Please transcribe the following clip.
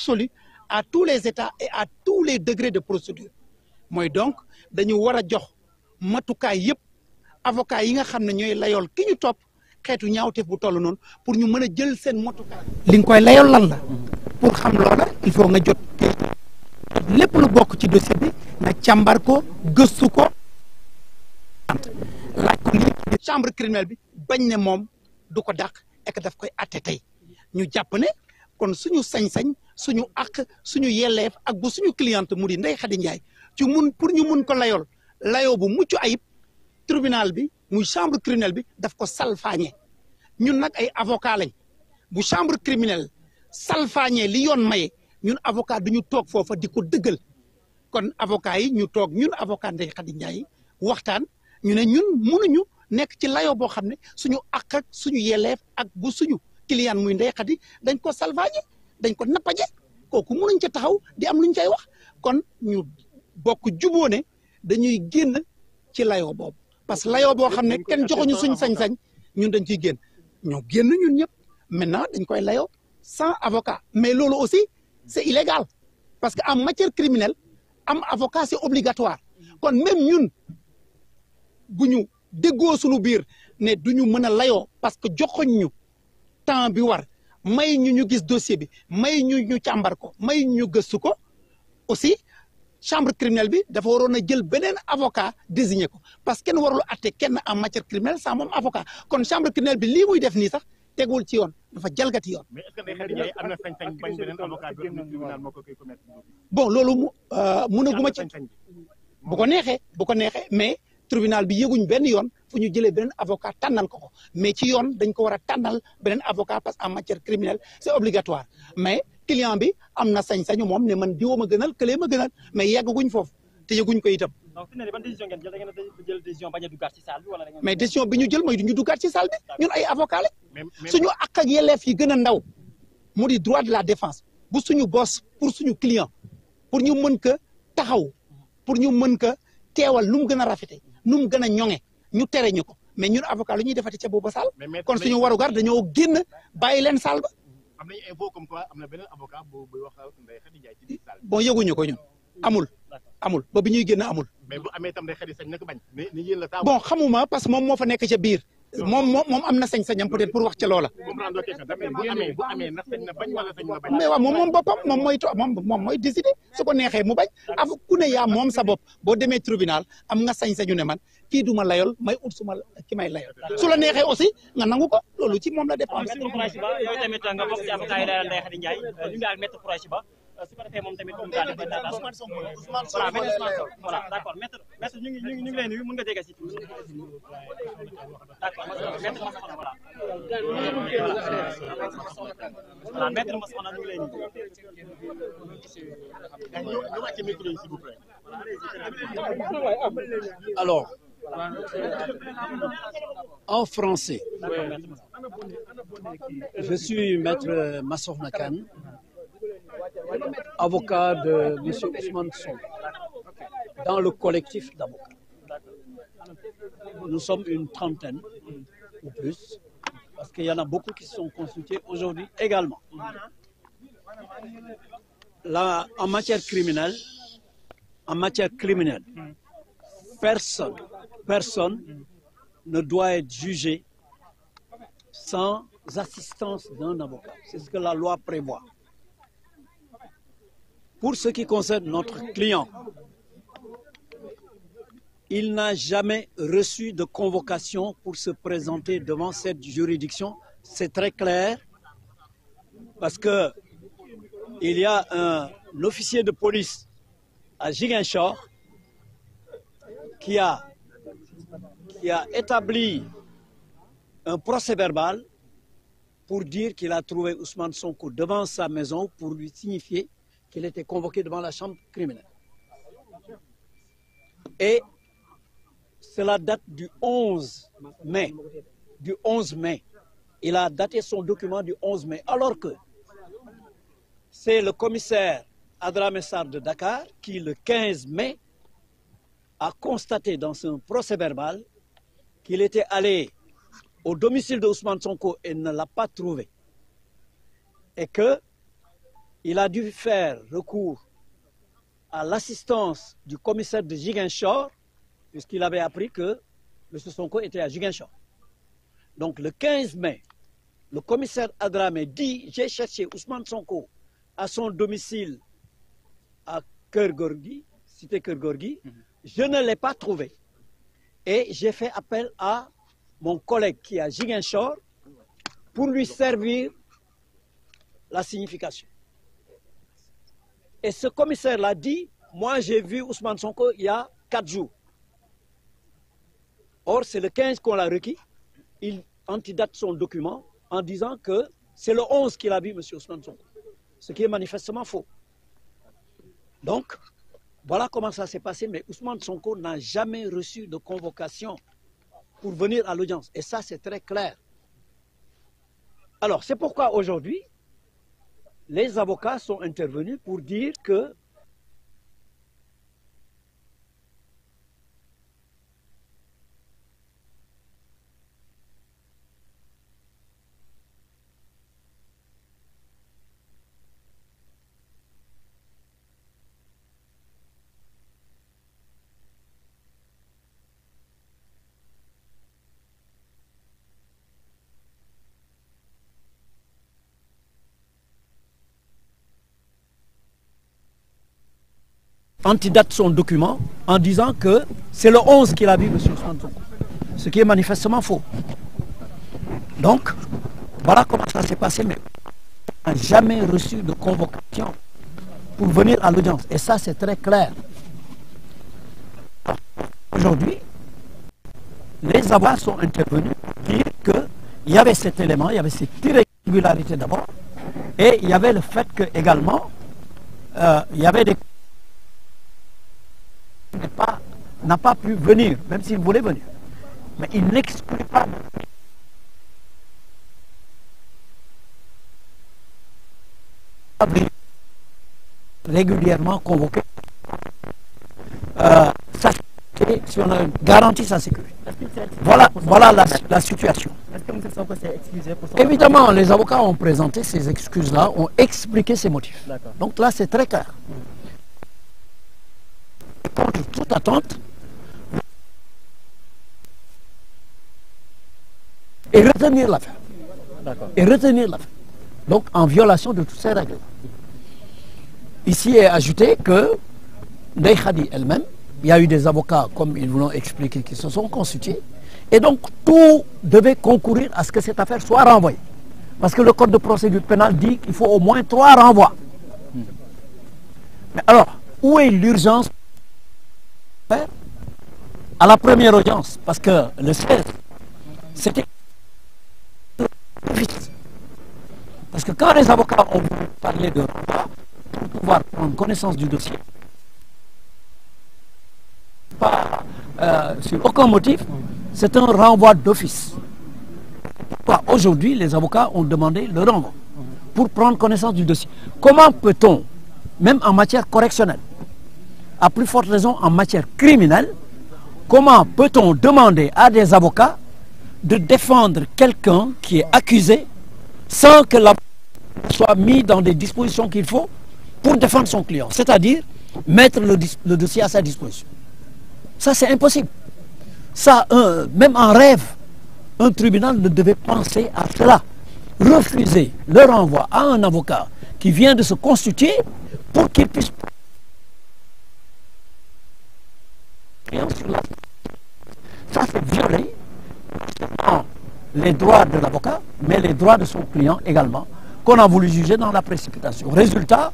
absolue à tous les états et à tous les degrés de procédure mooy donc dañu war a jox matukaay yëpp avocat yi nga xam ne ñooy layool ki ñu topp xeetu ñaawteef bu toll noonu pour ñu mën a jël seen matukaay. li nga koy layool lan la. pour xam loola il faut nga jot lépp lu bokk ci dossier bi nga càmbar ko gëstu ko. laaj ko chambre criminelle bi bañ ne moom du ko dàq ek daf koy atte tey ñu jàpp ne kon suñu sañ-sañ. suñu àq suñu yelleef ak bu suñu cliente mu di Ndeye Khady Ndiaye ci mun pour ñu mun ko layool layoo bu mucc ayib tribunal bi muy chambre criminelle bi daf ko salfaañe ñun nag ay avocat lañ bu chambre criminelle salfaañe li yoon maye ñun avocat du ñu toog foofa di ko dëggal kon avocat yi ñu toog ñun avocat Ndeye Khady Ndiaye waxtaan ñu ne ñun ñu nekk ci layoo boo xam ne suñu àq ak suñu yelleef ak bu suñu client muy Ndeye Khady dañ ko salfaañe dañ ko nappaje kooku mënuñ ca taxaw di am luñ cay wax kon ñu bokk juboo ne dañuy génn ci layoo boobu parce que layoo boo xam ne kenn joxuñu suñ sañ-sañ ñun dañ ciy génn ñoo génn ñun ñëpp maintenant dañ koy layoo sans avocat mais loolu aussi c'est illégal parce que en matière criminel am avocat c'est obligatoire kon même ñun bu ñu déggoo biir ne du ñu mën a layoo parce que joxoñ ñu temps bi war may ñu ñu gis dossier bi may ñu ñu càmbar ko may ñu gëstu ko aussi chambre criminelle bi dafa waroon a jël beneen avocat désigné ko parce que kenn warul atte kenn en matière criminelle sans moom avocat kon chambre criminelle bi lii muy def nii sax tegul ci yoon dafa jalgati yoon. mais est-ce que am na sañ-sañ bañ beneen avocat bi moo ko koy euh, ci bu ko neexee bu ko neexee mais tribunal bi yëguñ benn yoon. fu ñu jëlee beneen avocat tànnal ko ko mais ci yoon dañ ko war a tànnal beneen avoca parce que en matière criminelle c'est obligatoire mais client bi am na sañ-sañu moom ne man diwoo ma gënal këlee ma gënal mais yeggaguñ foofu te yegguñ koy itam. donc fi mu ne ban décision ngeen jël mais décision bi ñu jël mooy ñu duggaat ci salle bi ñun ay avocat la suñu ak ak yelleef yi gën ndaw mu di droit de la défense bu suñu bos pour suñu client pour ñu mën ko taxaw pour ñu mën ka teewal nu mu gën a rafete nu mu gën a ñoŋe ñu tere ñu ko mais ñun avocat lu ñuy defati ca booba saal. kon suñu warugar dañoo génn bàyyi leen saal ba. am nañu info comme quoi am na beneen avocat bu wax Ndeye Khady Ndiaye ci biir ko ñun amul. amul ba bi ñuy génn amul. mais bu amee na ko bañ. ni ni yéen la taamu. bon xamuma parce que moom moo fa nekk ca biir. moom moom moom am na sañ-sañam peut-être pour wax ca loola. mais waaw moom moom boppam moom mooy toog moom moom su ko neexee mu bañ. af yaa moom sa bopp boo demee tribunal am nga sañ-sañu ne man kii duma ma layol may ut su ki may layol su la neexee aussi nga nangu ko loolu ci moom la dépend. Ah, maître Khouraychi Ba yow tamit nga bokk ci avocat yi daal Ndeye Khady Ndiaye ñu ngi ak maître Khouraychi Ba euh, su ko defee moom tamit comme daal di daal voilà d'accord maître maître ñu ngi ñu ngi ñu ngi lay nuyu mën En français. Je suis maître Massokhna Kane, avocat de monsieur Ousmane Sonko, dans le collectif d'avocats. Nous sommes une trentaine ou plus, parce qu'il y en a beaucoup qui se sont consultés aujourd'hui également. Là, en matière criminelle, en matière criminelle, personne personne ne doit être jugée sans assistance d'un avocat. C'est ce que la loi prévoit. Pour ce qui concerne notre client, il n'a jamais reçu de convocation pour se présenter devant cette juridiction. C'est très clair parce que il y a un officier de police à Ziguinchor qui a qui a établi un procès verbal pour dire qu'il a trouvé Ousmane Sonko devant sa maison pour lui signifier qu'il était convoqué devant la chambre criminelle. Et cela date du 11 mai. Du 11 mai. Il a daté son document du 11 mai, alors que c'est le commissaire Adramé Sarr de Dakar qui, le 15 mai, a constaté dans son procès verbal qu'il était allé au domicile de Ousmane Sonko et ne l'a pas trouvé et que il a dû faire recours à l'assistance du commissaire de Ziguinchor puisqu'il avait appris que M. Sonko était à Ziguinchor. Donc le 15 mai, le commissaire Adramé dit j'ai cherché Ousmane Sonko à son domicile à Keur Gorgui, cité Keur Gorgui, mm -hmm. je ne l'ai pas trouvé. Et j'ai fait appel à mon collègue qui est à Ziguinchor pour lui servir la signification. Et ce commissaire l'a dit, moi j'ai vu Ousmane Sonko il y a quatre jours. Or, c'est le 15 qu'on l'a requis. Il antidate son document en disant que c'est le 11 qu'il a vu M. Ousmane Sonko, ce qui est manifestement faux. Voilà comment ça s'est passé, mais Ousmane Sonko n'a jamais reçu de convocation pour venir à l'audience. Et ça, c'est très clair. Alors, c'est pourquoi aujourd'hui, les avocats sont intervenus pour dire que antidate son document en disant que c'est le 11 qu'il a vu M. Ousmane Sonko, ce qui est manifestement faux. Donc, voilà comment ça s'est passé, mais n'a jamais reçu de convocation pour venir à l'audience. Et ça, c'est très clair. Aujourd'hui, les avocats sont intervenus pour dire qu'il y avait cet élément, il y avait cette irrégularité d'abord, y avait le fait que euh, il y avait des n'a pas, pas pu venir, même s'il voulait venir. Mais il n'exclut pas régulièrement convoqué. Euh, si on a garanti sa sécurité. Voilà, voilà la, la situation. Évidemment, les avocats ont présenté ces excuses-là, ont expliqué ces motifs. Donc là, c'est très clair. Mm. cette attente et retenir l'affaire. D'accord. Et retenir l'affaire. Donc en violation de toutes ces règles. Ici est ajouté que Ndeye Khady elle-même, il y a eu des avocats, comme ils vous l'ont expliqué, qui se sont constitués. Et donc tout devait concourir à ce que cette affaire soit renvoyée. Parce que le code de procédure pénale dit qu'il faut au moins trois renvois. Hmm. où est l'urgence? faire à la première audience, parce que le 16, c'était difficile. Parce que quand les avocats ont voulu de renvoi, pour prendre connaissance du dossier, pas euh, sur aucun motif, c'est un renvoi d'office. aujourd'hui les avocats ont demandé le renvoi pour prendre connaissance du dossier. Comment peut-on, même en matière correctionnelle, à plus forte raison en matière criminelle, comment peut-on demander à des avocats de défendre quelqu'un qui est accusé sans que l'avocat soit mis dans des dispositions qu'il faut pour défendre son client, c'est-à-dire mettre le, le, dossier à sa disposition. Ça, c'est impossible. Ça, un, même en rêve, un tribunal ne devait penser à cela. Refuser le renvoi à un avocat qui vient de se constituer pour qu'il puisse rien sur la Ça, c'est violer non, les droits de l'avocat, mais les droits de son client également, qu'on a voulu juger dans la précipitation. Résultat,